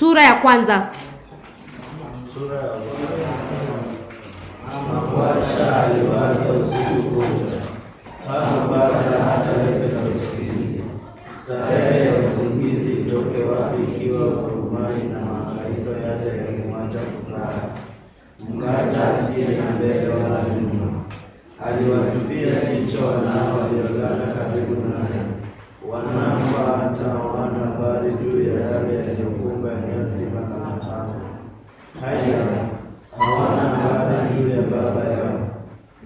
Sura ya kwanza. Sura ya kwanza. Aliwaza usiku kucha, hakupata hata leke na usingizi. Starehe ya usingizi itoke wapi, ikiwa hurumai na mahangaiko yale yalimwacha kulala? Mkata asiye na mbele wala nyuma, aliwatupia kichwa wanao waliolala karibu naye, wanafa hata habari juu ya yale yaliyokumba eneo zima la Matana. Haya, hawana habari juu ya baba yao.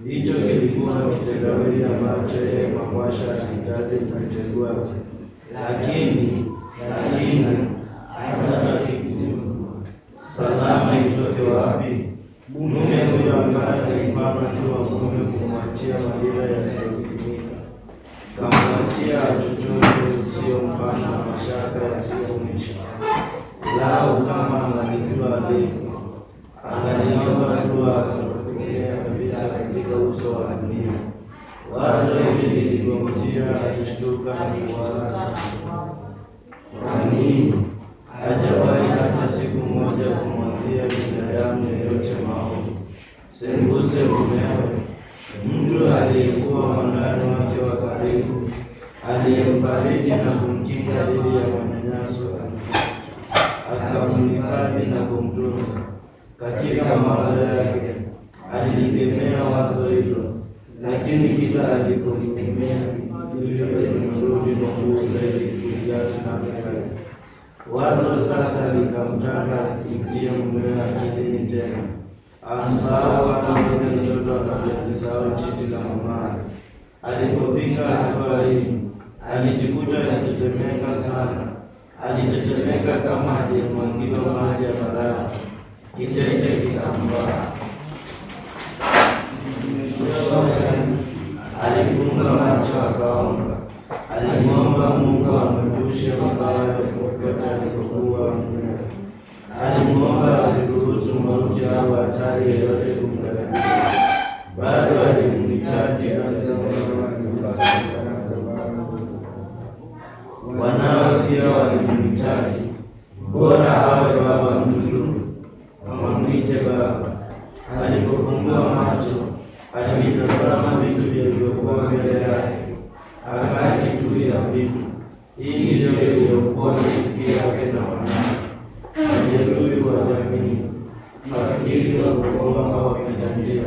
Hicho kilikuwa kitendawili ambacho yeye Mawasha alihitaji wake, lakini lakini kumpatia chochote sio mfano na mashaka yasiyo mwisho. Lao kama angelijua adili, angaliomba dua kutokutegemea kabisa katika uso wa dunia. Wazo hili lilimjia, alishtuka na kuwaza, kwa nini hajawahi hata siku moja kumwambia binadamu yeyote maoni Sembuse mumewe, mtu aliyekuwa mwandani wake wa karibu aliyemfariji na kumkinga dhidi ya manyanyaso akamhifadhi na kumtunza. Katika mawazo yake alilikemea wazo hilo, lakini kila alipolikemea lililolimrudi kwa nguvu zaidi kiasi nafsi yake. Wazo sasa likamtaka asimtie mumewe akilini tena, amsahau akamlile mtoto, akamjalisahau titi la mamaye. Alipofika hatua hii alijikuta alitetemeka sana, alitetemeka kama aliyemwangiwa maji ya barafu. Kitete kikambaa. Alifunga macho akaomba, alimwomba Mungu amepushe mabaya popote alipokuwa mno. Alimwomba asiruhusu mauti au hatari yoyote kumkaribia. Bado alimhitaji wanao pia walimhitaji. Bora awe baba mtutu wamwite baba. Alipofungua macho, alivitazama vitu vilivyokuwa mbele yake, akali tu ya vitu. Hii ndiyo iliyokuwa miziki yake na wanawe, majeruhi wa jamii, fakiri wa kukomba, wapita njia,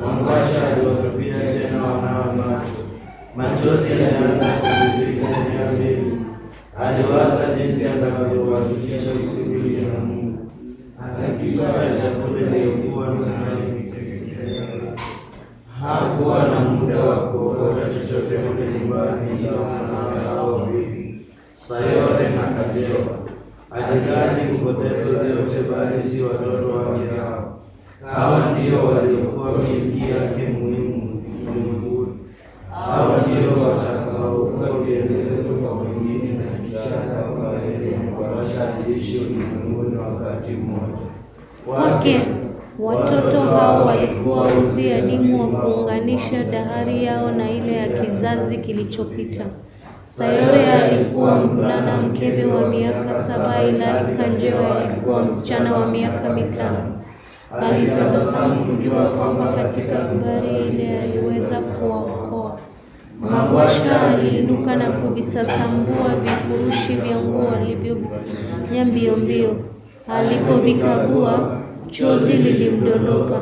mwangwasha aliwatupia tena wanawe macho. Machozi yalianza kuzizika njia mbili aliwaza jinsi atakavyowahakikisha usimili ya Mungu akakila chakula aliyokuwa nayo hakuwa na muda wa kuokota chochote kule nyumbani, ila wanawe hao wawili Sayore na Kajewa alikadi kupoteza vyote, bali si watoto wake hao. Hawa ndio waliokuwa milki yake muhimu ulimwenguni, hawa ndio wataka majeshi ulimwenguni wakati mmoja. Kwake watoto hao walikuwa uzi adimu wa kuunganisha dahari yao na ile ya kizazi kilichopita. Sayore alikuwa mvulana mkebe wa miaka saba, ila Kanjeo alikuwa msichana wa miaka mitano. Alitabasamu kujua kwamba katika habari ile aliweza kuwa Magwasha aliinuka na kuvisasambua vifurushi vya nguo alivyovinya mbio mbio. Alipovikagua chozi lilimdondoka.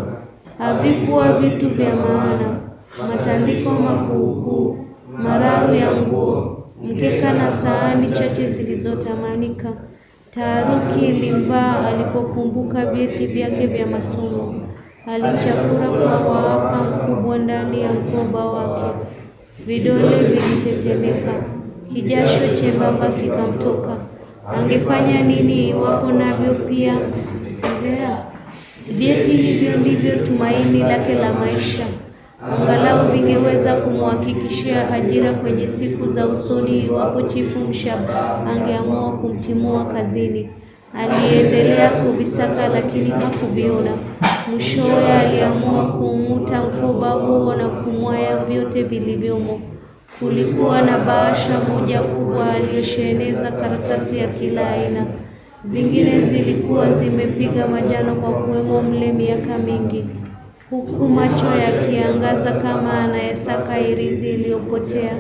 Havikuwa vitu vya maana: matandiko makuukuu, mararu ya nguo, mkeka na sahani chache zilizotamanika. Taharuki ilimvaa alipokumbuka vyeti vyake vya masomo. Alichakura kwa wahaka mkubwa ndani ya mkoba wake vidole vilitetemeka, kijasho chembamba kikamtoka. Angefanya nini iwapo navyo pia yeah. Vyeti hivyo ndivyo tumaini lake la maisha, angalau vingeweza kumhakikishia ajira kwenye siku za usoni, iwapo chifu Mshaba angeamua kumtimua kazini. Aliendelea kuvisaka lakini hakuviona. Mwishowe aliamua kuung'uta mkoba huo na kumwaya vyote vilivyomo. Kulikuwa na bahasha moja kubwa aliyosheneza karatasi ya kila aina. Zingine zilikuwa zimepiga majano kwa kuwemo mle miaka mingi, huku macho yakiangaza kama anayesaka irizi iliyopotea.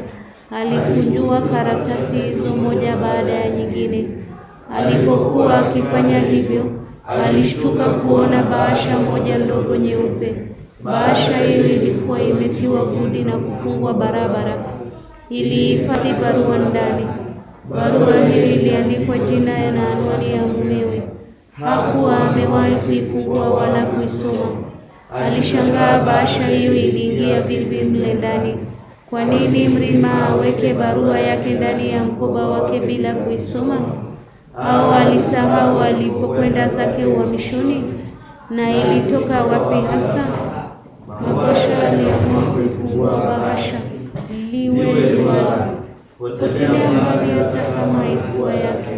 Alikunjua karatasi hizo moja baada ya nyingine. Alipokuwa akifanya hivyo, alishtuka kuona bahasha moja ndogo nyeupe. Bahasha hiyo ilikuwa imetiwa gudi na kufungwa barabara. Ilihifadhi barua ndani. Barua hiyo iliandikwa jina na anwani ya mumewe. Hakuwa amewahi kuifungua wala kuisoma. Alishangaa bahasha hiyo iliingia vipi mle ndani. Kwa nini Mrima aweke barua yake ndani ya mkoba wake bila kuisoma? au alisahau alipokwenda zake uhamishoni? Na ilitoka wapi hasa? Magosha aliamua kuifungua bahasha liwe liwalo, potelea mbali, hata kama ikuwa yake.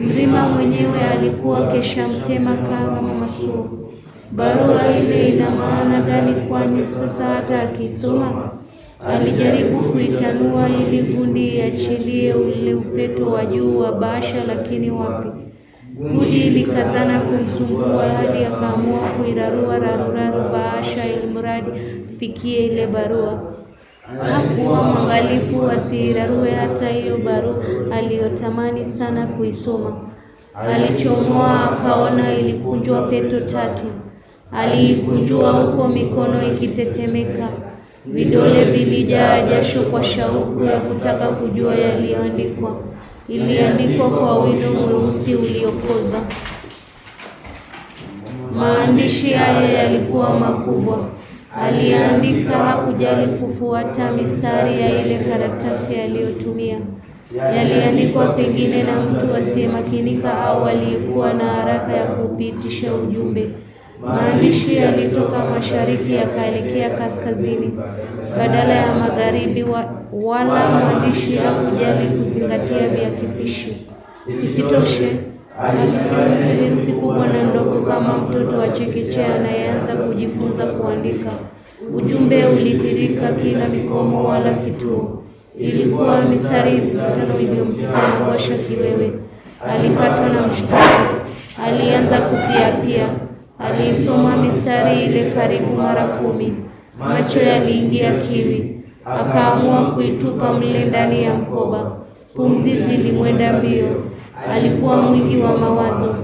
Mrima mwenyewe alikuwa kesha mtema kama mamasuo. Barua ile ina maana gani kwani sasa hata akisoma Alijaribu kuitanua ili gundi iachilie ule upeto wa juu wa bahasha, lakini wapi. Gundi ilikazana kumsumbua hadi akaamua kuirarua raruraru bahasha ilimradi fikie ile barua. Hakuwa mwangalifu asiirarue hata hiyo barua aliyotamani sana kuisoma. Alichomoa akaona ilikunjwa peto tatu. Aliikunjua huko mikono ikitetemeka. Vidole vilijaa jasho kwa shauku ya kutaka kujua yaliyoandikwa. Iliandikwa kwa wino mweusi uliokoza. Maandishi haya yalikuwa makubwa. Aliandika, hakujali kufuata mistari ya ile karatasi aliyotumia. Yaliandikwa pengine na mtu asiyemakinika au aliyekuwa na haraka ya kuupitisha ujumbe. Maandishi yalitoka mashariki yakaelekea kaskazini badala ya magharibi, wala mwandishi hakujali kuzingatia viakifishi. Sisitoshe, alitumia herufi kubwa na ndogo kama mtoto wa chekechea anayeanza kujifunza kuandika. Ujumbe ulitirika kila mikomo wala kituo. Ilikuwa mistari mitano iliyompita na washa kiwewe. Alipatwa na mshtuko, alianza kupia pia aliisoma mistari ile karibu mara kumi, macho yaliingia kiwi, akaamua kuitupa mle ndani ya mkoba. Pumzi zilimwenda mbio, alikuwa mwingi wa mawazo.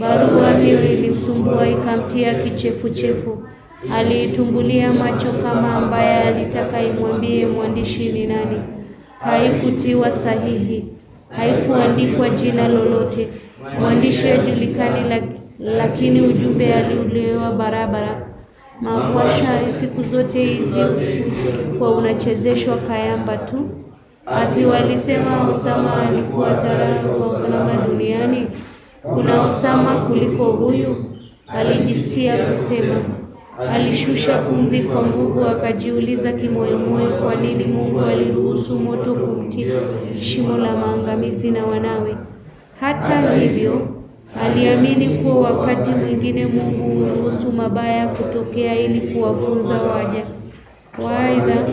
Barua hiyo ilimsumbua, ikamtia kichefuchefu. Aliitumbulia macho kama ambaye alitaka imwambie mwandishi ni nani. Haikutiwa sahihi, haikuandikwa jina lolote, mwandishi la lakini ujumbe aliulewa barabara. Makwasha siku zote hizi kwa unachezeshwa kayamba tu. Ati walisema Osama alikuwa tara kwa usalama duniani, kuna Osama kuliko huyu, alijisikia kusema. Alishusha pumzi kwa nguvu, akajiuliza kimoyomoyo, kwa nini Mungu aliruhusu moto kumtia shimo la maangamizi na wanawe. Hata hivyo Aliamini kuwa wakati mwingine Mungu huruhusu mabaya kutokea ili kuwafunza waja. Waidha,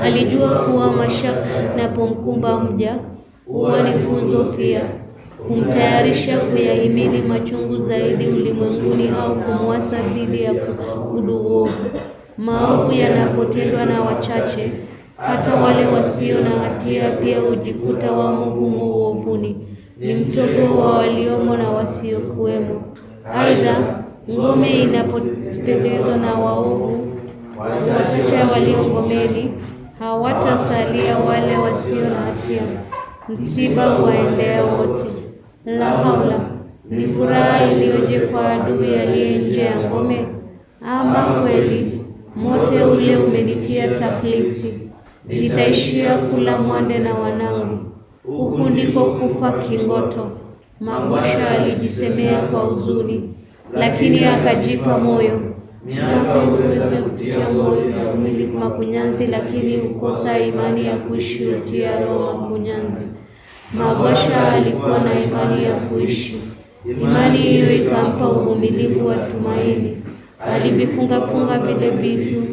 alijua kuwa mashaka yanapomkumba mja huwa ni funzo pia, kumtayarisha kuyahimili machungu zaidi ulimwenguni au kumwasa dhidi ya uduovu. Maovu yanapotendwa na wachache, hata wale wasio na hatia pia hujikuta wamo humo uovuni ni mtego wa waliomo na wasiokuwemo. Aidha, ngome inapotetezwa na waovu, wachache waliogomeni, hawatasalia wale wasio na hatia. Msiba waendea wote. La haula, ni furaha iliyoje kwa adui aliye nje ya ngome! Ama kweli mote ule umenitia taflisi, nitaishia kula mwande na wanangu. Huku ndiko kufa kingoto. Mabwasha alijisemea kwa huzuni, lakini akajipa moyo. Miaka iweze kutia moyo mwili makunyanzi, lakini ukosa imani ya kuishi utia roho makunyanzi. Mabwasha alikuwa na imani ya kuishi. Imani hiyo ikampa uvumilivu wa tumaini. Alivifungafunga vile vitu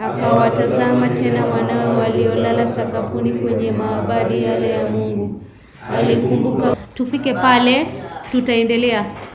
akawatazama tena wanawe waliolala sakafuni kwenye maabadi yale ya Mungu. Alikumbuka. Tufike pale, tutaendelea.